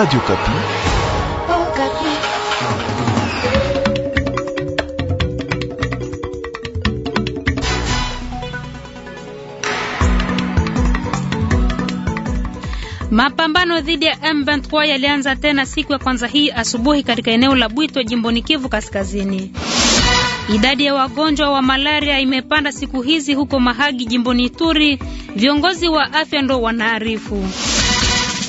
Radio Kapi. Oh, Kapi. Mapambano dhidi ya M23 yalianza tena siku ya kwanza hii asubuhi katika eneo la Bwito jimboni Kivu Kaskazini. Idadi ya wagonjwa wa malaria imepanda siku hizi huko Mahagi jimboni Ituri, viongozi wa afya ndo wanaarifu.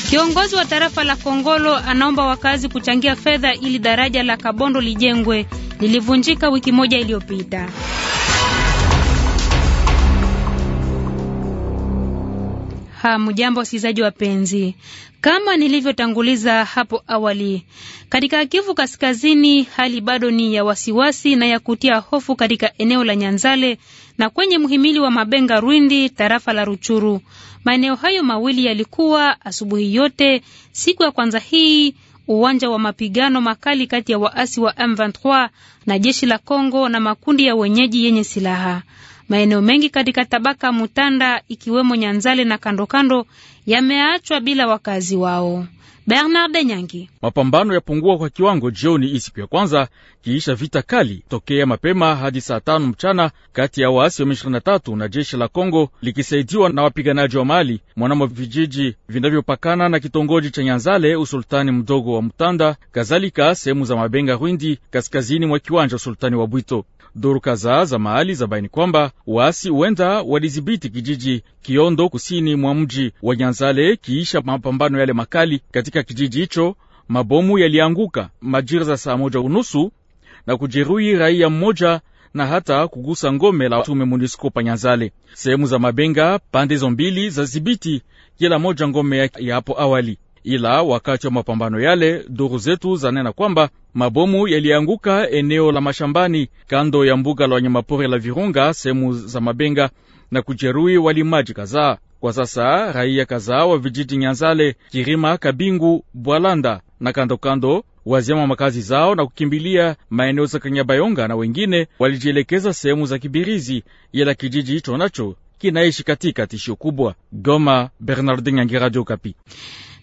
Kiongozi wa tarafa la Kongolo anaomba wakazi kuchangia fedha ili daraja la Kabondo lijengwe, lilivunjika wiki moja iliyopita. Hamjambo wasikilizaji wapenzi, kama nilivyotanguliza hapo awali, katika Kivu Kaskazini hali bado ni ya wasiwasi na ya kutia hofu katika eneo la Nyanzale na kwenye mhimili wa Mabenga Rwindi, tarafa la Ruchuru. Maeneo hayo mawili yalikuwa asubuhi yote siku ya kwanza hii uwanja wa mapigano makali kati ya waasi wa M23 na jeshi la Kongo na makundi ya wenyeji yenye silaha. Maeneo mengi katika tabaka Mutanda ikiwemo Nyanzale na kandokando yameachwa bila wakazi wao. Bernard Nyangi. Mapambano yapungua kwa kiwango jioni isiku ya kwanza kiisha vita kali tokea mapema hadi saa tano mchana kati ya waasi wa M23 na jeshi la Kongo likisaidiwa na wapiganaji wa Mali mwanamo vijiji vinavyopakana na kitongoji cha Nyanzale usultani mdogo wa Mutanda, kazalika sehemu za Mabenga Rwindi kaskazini mwa kiwanja usultani wa Bwito. Duru kadhaa za mahali za baini kwamba waasi huenda walidhibiti kijiji Kiondo kusini mwa mji wa Nyanzale kiisha mapambano yale makali katika kijiji hicho. Mabomu yalianguka majira za saa moja unusu na kujeruhi raia mmoja na hata kugusa ngome la tume MONUSCO pa Nyanzale. Sehemu za Mabenga pande zo mbili za dhibiti kila moja ngome ya hapo awali ila wakati wa mapambano yale, duru zetu zanena kwamba mabomu yalianguka eneo la mashambani kando ya mbuga la wanyamapori la Virunga, sehemu za Mabenga, na kujeruhi walimaji kadhaa. Kwa sasa raia kadhaa wa vijiji Nyanzale, Kirima, Kabingu, Bwalanda na kandokando waziama makazi zao na kukimbilia maeneo za Kanyabayonga, na wengine walijielekeza sehemu za Kibirizi, ila kijiji hicho nacho kinaishi katika tishio kubwa. Goma, Bernardin nyangi Radio kapi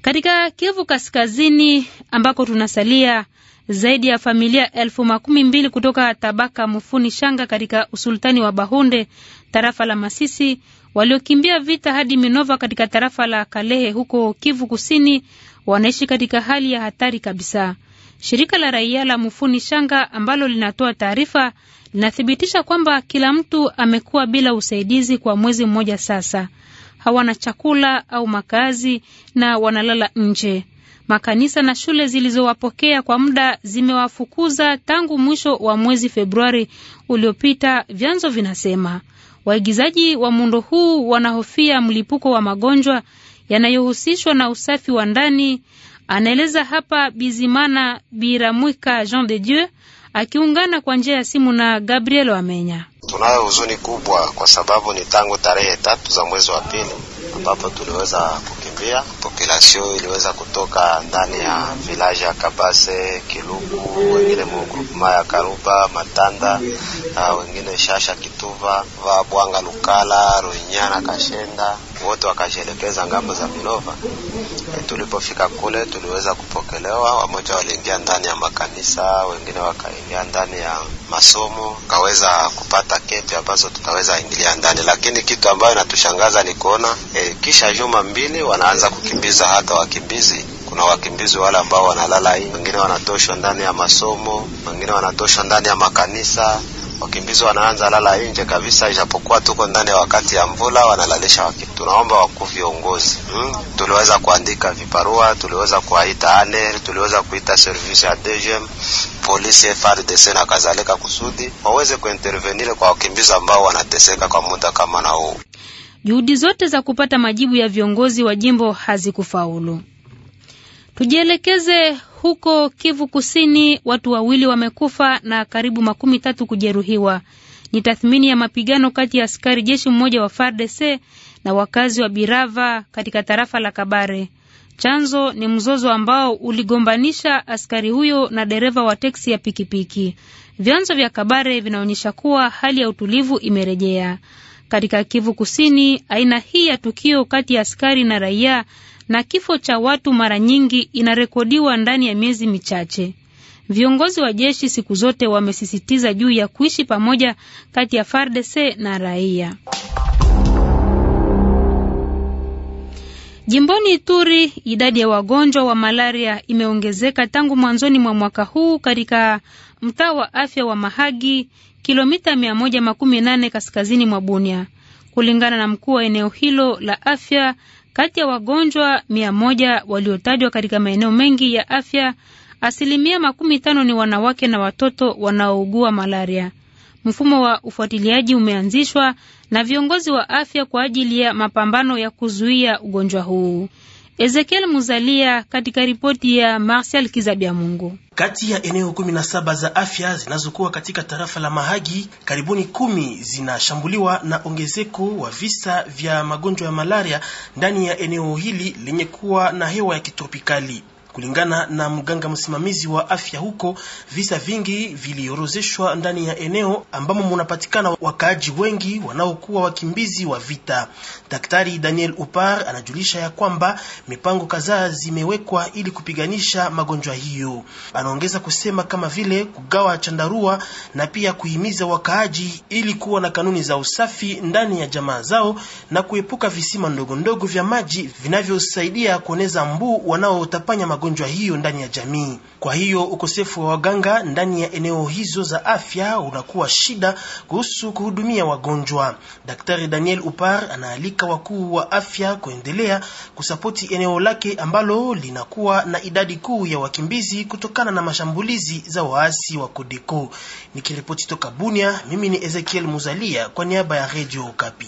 katika Kivu Kaskazini ambako tunasalia, zaidi ya familia elfu makumi mbili kutoka tabaka Mufuni Shanga katika usultani wa Bahunde tarafa la Masisi waliokimbia vita hadi Minova katika tarafa la Kalehe huko Kivu Kusini wanaishi katika hali ya hatari kabisa. Shirika la raia la Mufuni Shanga ambalo linatoa taarifa linathibitisha kwamba kila mtu amekuwa bila usaidizi kwa mwezi mmoja sasa hawana chakula au makazi na wanalala nje. Makanisa na shule zilizowapokea kwa muda zimewafukuza tangu mwisho wa mwezi Februari uliopita, vyanzo vinasema. Waigizaji wa muundo huu wanahofia mlipuko wa magonjwa yanayohusishwa na usafi wa ndani, anaeleza hapa Bizimana Biramwika Jean de Dieu akiungana kwa njia ya simu na Gabriel Wamenya. Tunayo huzuni kubwa kwa sababu ni tangu tarehe tatu za mwezi wa pili ambapo tuliweza kukimbia. Population iliweza kutoka ndani ya vilaji ya Kabase, Kiluku, wengine mgrupema ya Karuba, Matanda, wengine Shasha, Kituva, Vabwanga, Lukala, Ruinyana, Kashenda wote wakajielekeza ngambo za Minova. E, eh, tulipofika kule tuliweza kupokelewa. Wamoja waliingia ndani ya makanisa, wengine wakaingia ndani ya masomo, kaweza kupata keti ambazo tutaweza ingilia ndani, lakini kitu ambayo inatushangaza ni kuona e, kisha juma mbili wanaanza kukimbiza hata wakimbizi kuna wakimbizi wale ambao wanalala hii, wengine wanatoshwa ndani ya masomo, wengine wanatoshwa ndani ya makanisa, wakimbizi wanaanza lala nje kabisa, ijapokuwa tuko ndani ya wakati ya mvula, wanalalisha waki. Tunaomba wakuu viongozi hmm. Tuliweza kuandika viparua, tuliweza kuwaita ANER, tuliweza kuita service ya DGM, polisi, FARDC na kadhalika, kusudi waweze kuintervenire kwa wakimbizi ambao wanateseka kwa muda kama na huu. Juhudi zote za kupata majibu ya viongozi wa jimbo hazikufaulu. Tujielekeze huko Kivu Kusini, watu wawili wamekufa na karibu makumi tatu kujeruhiwa. Ni tathmini ya mapigano kati ya askari jeshi mmoja wa FARDC na wakazi wa Birava katika tarafa la Kabare. Chanzo ni mzozo ambao uligombanisha askari huyo na dereva wa teksi ya pikipiki. Vyanzo vya Kabare vinaonyesha kuwa hali ya utulivu imerejea katika Kivu Kusini. Aina hii ya tukio kati ya askari na raia na kifo cha watu mara nyingi inarekodiwa ndani ya miezi michache. Viongozi wa jeshi siku zote wamesisitiza juu ya kuishi pamoja kati ya FARDC na raia. Jimboni Ituri, idadi ya wagonjwa wa malaria imeongezeka tangu mwanzoni mwa mwaka huu katika mtaa wa afya wa Mahagi, kilomita 118 kaskazini mwa Bunia, kulingana na mkuu wa eneo hilo la afya. Kati ya wagonjwa mia moja waliotajwa katika maeneo mengi ya afya, asilimia makumi tano ni wanawake na watoto wanaougua malaria. Mfumo wa ufuatiliaji umeanzishwa na viongozi wa afya kwa ajili ya mapambano ya kuzuia ugonjwa huu. Ezekiel Muzalia katika ripoti ya Marcel Mungu. Kati ya eneo kumi na saba za afya zinazokuwa katika tarafa la Mahagi, karibuni kumi zinashambuliwa na ongezeko wa visa vya magonjwa ya malaria ndani ya eneo hili lenye kuwa na hewa ya kitropikali. Kulingana na mganga msimamizi wa afya huko, visa vingi viliorozeshwa ndani ya eneo ambamo munapatikana wakaaji wengi wanaokuwa wakimbizi wa vita. Daktari Daniel Upar anajulisha ya kwamba mipango kadhaa zimewekwa ili kupiganisha magonjwa hiyo. Anaongeza kusema kama vile kugawa chandarua na pia kuhimiza wakaaji ili kuwa na kanuni za usafi ndani ya jamaa zao na kuepuka visima ndogo ndogo vya maji vinavyosaidia kuoneza mbu wanaotapanya magonjwa magonjwa hiyo ndani ya jamii. Kwa hiyo ukosefu wa waganga ndani ya eneo hizo za afya unakuwa shida kuhusu kuhudumia wagonjwa. Daktari Daniel Upar anaalika wakuu wa afya kuendelea kusapoti eneo lake ambalo linakuwa na idadi kuu ya wakimbizi kutokana na mashambulizi za waasi wa Kodeko. Nikiripoti toka Bunia, mimi ni Ezekiel Muzalia kwa niaba ya Radio Okapi.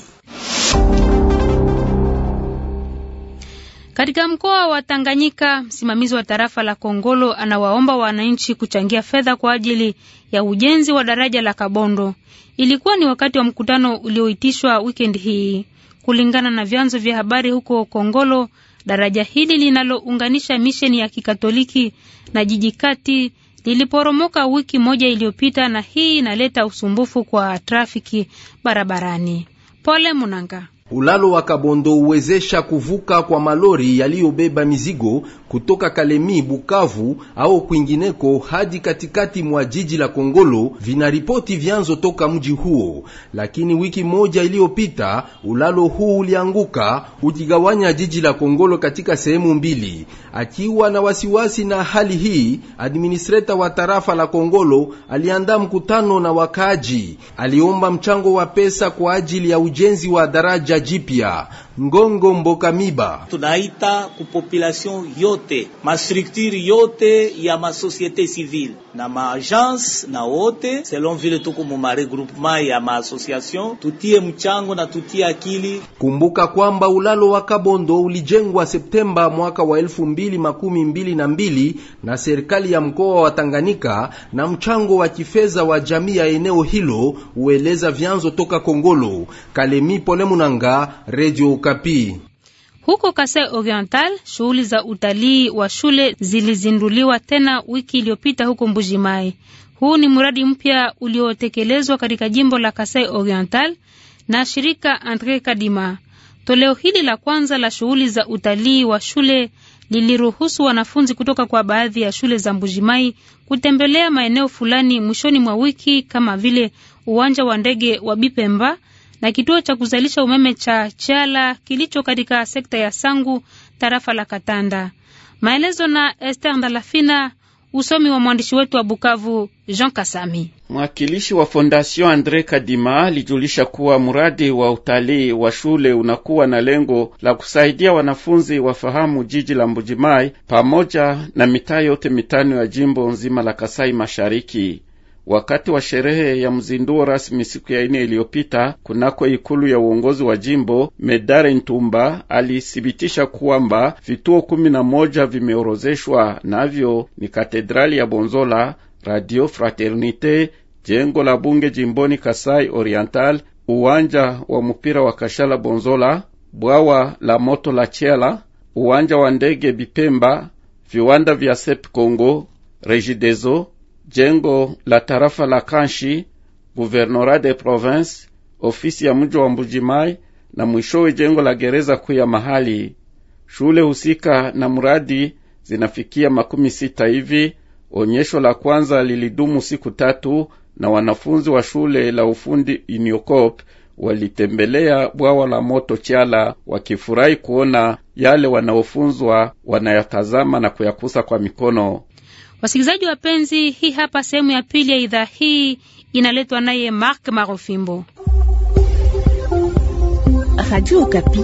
Katika mkoa wa Tanganyika, msimamizi wa tarafa la Kongolo anawaomba wananchi kuchangia fedha kwa ajili ya ujenzi wa daraja la Kabondo. Ilikuwa ni wakati wa mkutano ulioitishwa wikendi hii. Kulingana na vyanzo vya habari huko Kongolo, daraja hili linalounganisha misheni ya Kikatoliki na jiji kati liliporomoka wiki moja iliyopita, na hii inaleta usumbufu kwa trafiki barabarani. Pole Munanga. Ulalo wa Kabondo huwezesha kuvuka kwa malori yaliyobeba mizigo kutoka Kalemi, Bukavu au kwingineko hadi katikati mwa jiji la Kongolo, vinaripoti vyanzo toka mji huo. Lakini wiki moja iliyopita ulalo huu ulianguka ukigawanya jiji la Kongolo katika sehemu mbili. Akiwa na wasiwasi na hali hii, administreta wa tarafa la Kongolo aliandaa mkutano na wakaaji. Aliomba mchango wa pesa kwa ajili ya ujenzi wa daraja jipya Ngongo Miba. Tunaita kupopulation yote mastrukturi yote ya masosiete civile na maagence na wote, selon vile tuko mu maregroupement ya maasociation, tutie mchango na tutie akili. Kumbuka kwamba ulalo wa Kabondo ulijengwa Septemba mwaka wa elfu mbili makumi mbili na mbili na serikali ya mkoa wa Tanganyika, na mchango wa kifedha wa jamii ya eneo hilo ueleza vyanzo toka Kongolo. Kalemi Pole Munanga, Radio Okapi. Huko Kasai Oriental, shughuli za utalii wa shule zilizinduliwa tena wiki iliyopita huko Mbujimai. Huu ni mradi mpya uliotekelezwa katika jimbo la Kasai Oriental na shirika Andre Kadima. Toleo hili la kwanza la shughuli za utalii wa shule liliruhusu wanafunzi kutoka kwa baadhi ya shule za Mbujimai kutembelea maeneo fulani mwishoni mwa wiki kama vile uwanja wa ndege wa Bipemba na kituo cha kuzalisha umeme cha Chiala kilicho katika sekta ya Sangu, tarafa la Katanda. Maelezo na Esther Ndalafina. Usomi wa mwandishi wetu wa Bukavu Jean Kasami. Mwakilishi wa Fondation Andre Kadima alijulisha kuwa mradi wa utalii wa shule unakuwa na lengo la kusaidia wanafunzi wafahamu jiji la Mbujimai pamoja na mitaa yote mitano ya jimbo nzima la Kasai Mashariki. Wakati wa sherehe ya mzinduo rasmi siku ya ine iliyopita kunako ikulu ya uongozi wa jimbo, Medare Ntumba alithibitisha kwamba vituo kumi na moja vimeorozeshwa, navyo ni katedrali ya Bonzola, Radio Fraternite, jengo la bunge jimboni Kasai Oriental, uwanja wa mpira wa Kashala Bonzola, bwawa la moto la Chela, uwanja wa ndege Bipemba, viwanda vya Sep Congo, Regideso jengo la tarafa la Kanshi, guvernora de province, ofisi ya mji wa Mbujimai na mwishowe jengo la gereza kuu ya mahali. Shule husika na mradi zinafikia makumi sita hivi. Onyesho la kwanza lilidumu siku tatu na wanafunzi wa shule la ufundi Uniocop walitembelea bwawa la moto Chala wakifurahi kuona yale wanaofunzwa wanayatazama na kuyakusa kwa mikono. Wasikilizaji wapenzi, hii hapa sehemu ya pili ya idhaa hii inaletwa naye Mark Marofimbo. Radio Okapi,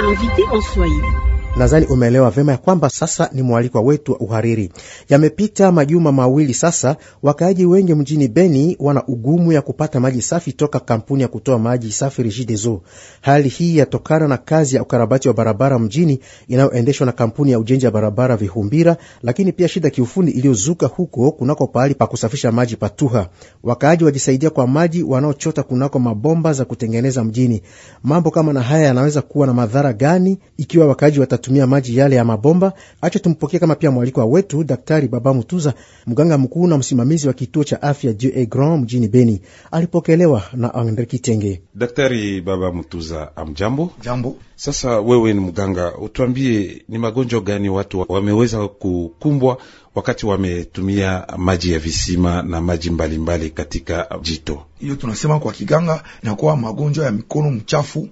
invité en Swahili. Nadhani umeelewa vema ya kwamba sasa ni mwalikwa wetu wa uhariri. Yamepita majuma mawili sasa, wakaaji wengi mjini Beni wana ugumu ya kupata maji safi toka kampuni ya kutoa maji safi Regideso. Hali hii yatokana na kazi ya ukarabati wa barabara mjini inayoendeshwa na kampuni ya ujenzi wa barabara Vihumbira, lakini pia shida kiufundi iliyozuka huko kunako pahali pa kusafisha maji Patuha. Wakaaji wajisaidia kwa maji wanaochota kunako mabomba za kutengeneza mjini. Mambo kama na haya yanaweza kuwa na madhara gani ikiwa wakaaji wata watatumia maji yale ya mabomba. Acha tumpokee kama pia mwalikwa wetu Daktari Baba Mutuza, mganga mkuu na msimamizi wa kituo cha afya Dieu Grand mjini Beni. Alipokelewa na Andre Kitenge. Daktari Baba Mutuza, amjambo. Jambo. Sasa wewe ni mganga, utwambie ni magonjwa gani watu wameweza kukumbwa wakati wametumia maji ya visima na maji mbalimbali mbali katika jito? Hiyo tunasema kwa kiganga inakuwa magonjwa ya mikono mchafu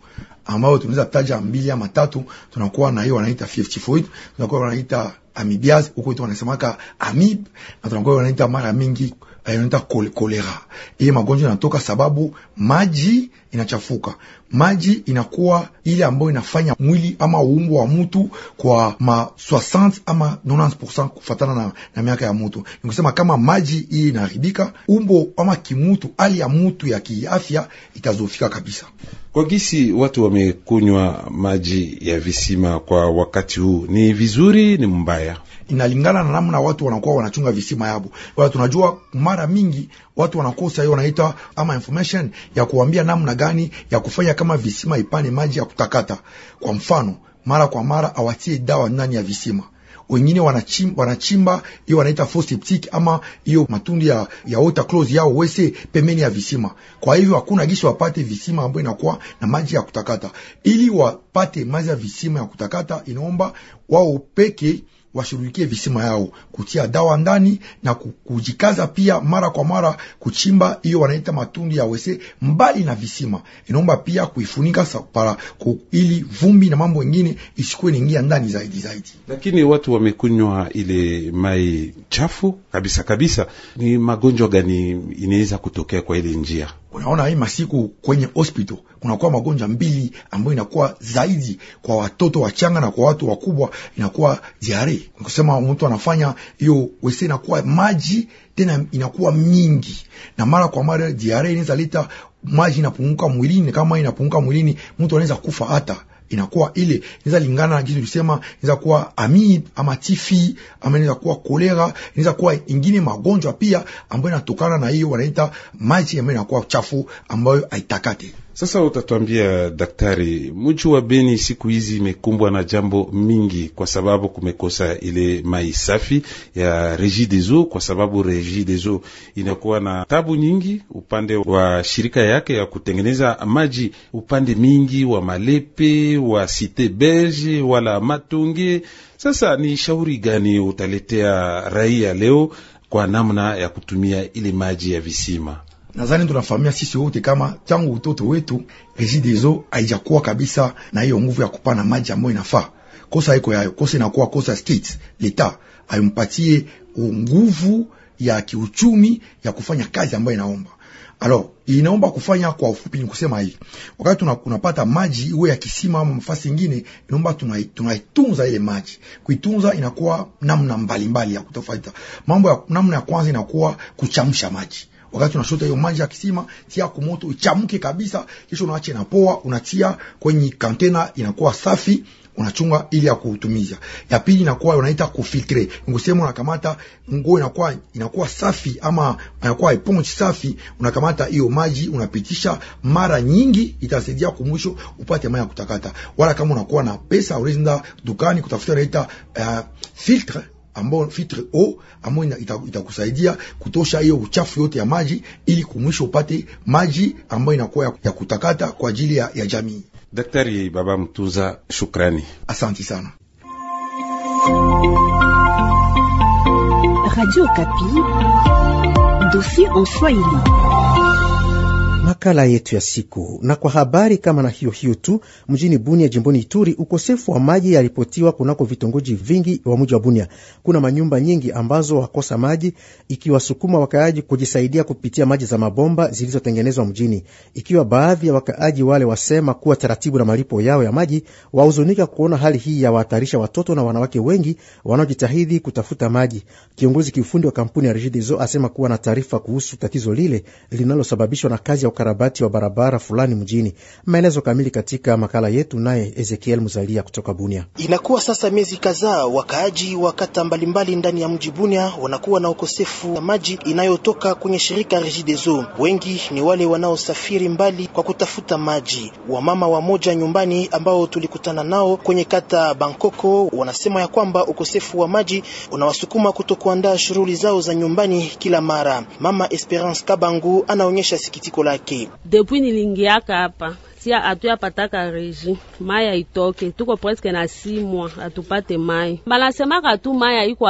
ambayo tunaweza taja mbili ama tatu, tunakuwa na hiyo wanaita fiftifoid, tunakuwa wanaita amibias, huko itu wanasemaka amib, na tunakuwa wanaita mara mingi eh, wanaita kolera. Hii magonjwa inatoka sababu maji inachafuka maji inakuwa ile ambayo inafanya mwili ama uumbo wa mtu kwa ma 60 ama 90% kufatana na, na miaka ya mtu. Nikusema kama maji hii inaharibika, umbo ama kimutu, hali ya mtu ya kiafya itazofika kabisa. Kwa gisi watu wamekunywa maji ya visima kwa wakati huu, ni vizuri, ni mbaya, inalingana na namna watu wanakuwa wanachunga visima yabo. Kwa tunajua mara mingi watu wanakosa hiyo wanaita ama information ya kuambia namna gani ya kufanya kama visima ipane maji ya kutakata. Kwa mfano, mara kwa mara awatie dawa ndani ya visima wengine wanachimba, wanachimba hiyo wanaita foseptic ama hiyo matundu ya, ya water close yao wese pembeni ya visima. Kwa hivyo hakuna gisho wapate visima ambayo inakuwa na maji ya kutakata. Ili wapate maji ya visima ya kutakata, inaomba wao peke washughulikie visima yao kutia dawa ndani na kujikaza pia mara kwa mara kuchimba hiyo wanaita matundu ya wese mbali na visima. Inaomba pia kuifunika para ili vumbi na mambo mengine isikuwe niingia ndani zaidi zaidi. Lakini watu wamekunywa ile mai chafu kabisa kabisa, ni magonjwa gani inaweza kutokea kwa ile njia? Unaona hii masiku kwenye hospital kunakuwa magonjwa mbili ambayo inakuwa zaidi kwa watoto wachanga na kwa watu wakubwa, inakuwa diare. Nikusema mtu anafanya hiyo wese, inakuwa maji tena inakuwa mingi, na mara kwa mara diare inaweza leta maji inapunguka mwilini, kama inapunguka mwilini mtu anaweza kufa hata inakuwa ile inaweza lingana na kitu tulisema, inaweza kuwa ami ama tifi ama inaweza kuwa kolera, inaweza kuwa ingine magonjwa pia ambayo inatokana na hiyo wanaita maji ambayo inakuwa chafu ambayo haitakate sasa utatuambia daktari, mji wa Beni siku hizi imekumbwa na jambo mingi, kwa sababu kumekosa ile mai safi ya Regideso, kwa sababu Regideso inakuwa na tabu nyingi upande wa shirika yake ya kutengeneza maji, upande mingi wa Malepe, wa Cite Belge wala Matonge. Sasa ni shauri gani utaletea raia leo kwa namna ya kutumia ile maji ya visima? Nadhani tunafahamia sisi wote kama tangu utoto wetu Regideso haijakuwa kabisa na hiyo nguvu ya kupana maji ambayo inafaa. Kosa iko yayo, kosa inakuwa kosa state leta aimpatie nguvu ya kiuchumi ya kufanya kazi ambayo inaomba alo inaomba kufanya kwa ufupi, ni kusema hii, wakati tunapata maji iwe ya kisima ama nafasi ingine inaomba tunaitunza ile maji. Kuitunza inakuwa namna mbalimbali mbali ya kutofaita mambo ya, namna ya kwanza inakuwa kuchamsha maji Wakati unashota hiyo maji ya kisima, tia kumoto ichamke kabisa, kisha unaacha inapoa, unatia kwenye kantena, inakuwa safi unachunga ili ya kutumiza Ya pili inakuwa unaita kufiltre, ngusema unakamata nguo inakuwa inakuwa safi ama inakuwa iponchi safi, unakamata hiyo maji unapitisha mara nyingi, itasaidia kumwisho upate maji ya kutakata. Wala kama unakuwa na pesa, unaenda dukani kutafuta unaita uh, filtre ambao filtre o ambao itakusaidia ita kutosha hiyo uchafu yote ya maji, ili kumwisho upate maji ambayo inakuwa ya, ya kutakata kwa ajili ya, ya jamii. Daktari Baba Mtuza, shukrani, asanti sana. Radio Kapi, dossier en Swahili makala yetu ya siku na kwa habari kama na hiyo hiyo tu, mjini Bunia jimboni Ituri, ukosefu wa maji yaripotiwa kunako vitongoji vingi wa mji wa Bunia. Kuna manyumba nyingi ambazo wakosa maji, ikiwasukuma wakaaji kujisaidia kupitia maji za mabomba zilizotengenezwa mjini. Ikiwa baadhi ya wakaaji wale wasema kuwa taratibu na malipo yao ya maji, wahuzunika kuona hali hii ya wahatarisha watoto na wanawake wengi wanaojitahidi kutafuta maji. Kiongozi kiufundi wa kampuni ya Regideso asema kuwa na taarifa kuhusu tatizo lile linalosababishwa na kazi ya ukara ukarabati wa barabara fulani mjini. Maelezo kamili katika makala yetu, naye Ezekiel Muzalia kutoka Bunia. Inakuwa sasa miezi kadhaa, wakaaji wa kata mbalimbali ndani ya mji Bunia wanakuwa na ukosefu wa maji inayotoka kwenye shirika Regideso. Wengi ni wale wanaosafiri mbali kwa kutafuta maji. Wamama wamoja nyumbani ambao tulikutana nao kwenye kata Bankoko wanasema ya kwamba ukosefu wa maji unawasukuma kutokuandaa shughuli zao za nyumbani kila mara. Mama Esperance Kabangu anaonyesha sikitiko lake. Depuis nilingiaka hapa sia hatuyapataka reji maya aitoke tuko presque na simwa atupate mai. Banasemaka tu maya iko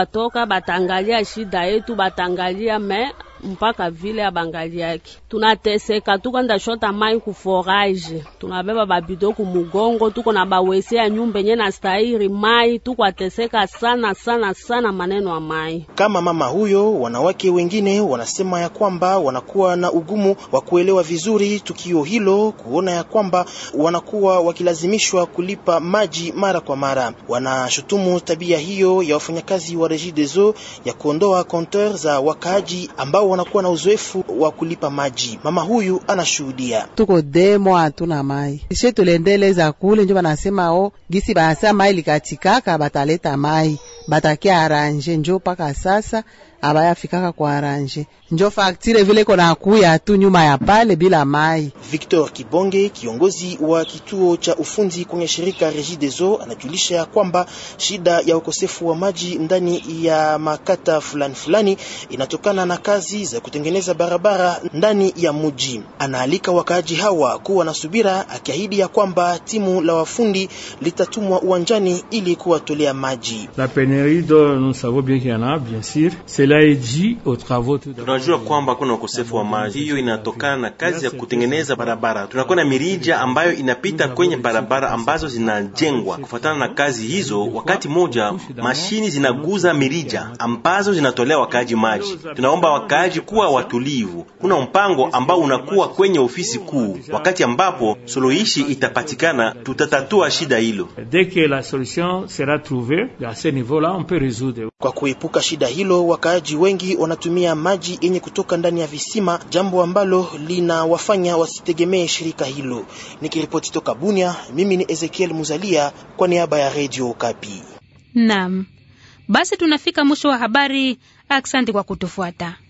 batangalia shida yetu, batangalia me mpaka vile ya bangali yake. Tunateseka, tuko ndashota mai forage, tunabeba babido mugongo tuko na bawese ya nyumba yenye na stahiri mai, tuko ateseka sana sana sana maneno ya mai. Kama mama huyo, wanawake wengine wanasema ya kwamba wanakuwa na ugumu wa kuelewa vizuri tukio hilo, kuona ya kwamba wanakuwa wakilazimishwa kulipa maji mara kwa mara. Wanashutumu tabia hiyo ya wafanyakazi wa Regideso ya kuondoa konteur za wakaaji ambao wao wanakuwa na uzoefu wa kulipa maji. Mama huyu anashuhudia: tuko demo hatuna mai ishe tulendeleza kule njo banasema o oh, gisi basa mai likatikaka bataleta mai batakia aranje njo paka sasa abayafikaka kwa aranje njo faktire vile kona kuya tu nyuma ya pale bila mai. Victor Kibonge, kiongozi wa kituo cha ufundi kwenye shirika Regideso, anajulisha kwamba shida ya ukosefu wa maji ndani ya makata fulani fulani inatokana na kazi za kutengeneza barabara ndani ya muji. Anaalika wakaaji hawa kuwa na subira, akiahidi ya kwamba timu la wafundi litatumwa uwanjani ili kuwatolea maji la pene Mairie nous savons bien qu'il y en a bien sûr. Cela est dit aux travaux tout tunajua kwamba kuna ukosefu wa maji, hiyo inatokana na kazi ya kutengeneza barabara. Tunakuwa na mirija ambayo inapita kwenye barabara ambazo zinajengwa. Kufuatana na kazi hizo, wakati moja mashini zinaguza mirija ambazo zinatolea wakaaji maji. Tunaomba wakaaji kuwa watulivu. Kuna mpango ambao unakuwa kwenye ofisi kuu, wakati ambapo suluhishi itapatikana, tutatatua shida hilo. Dès que la solution sera trouvée à ce niveau-là kwa kuepuka shida hilo, wakaaji wengi wanatumia maji yenye kutoka ndani ya visima, jambo ambalo linawafanya wasitegemee shirika hilo. Nikiripoti toka Bunia, mimi ni Ezekiel Muzalia kwa niaba ya Radio Kapi. Naam, basi tunafika mwisho wa habari. Asante kwa kutufuata.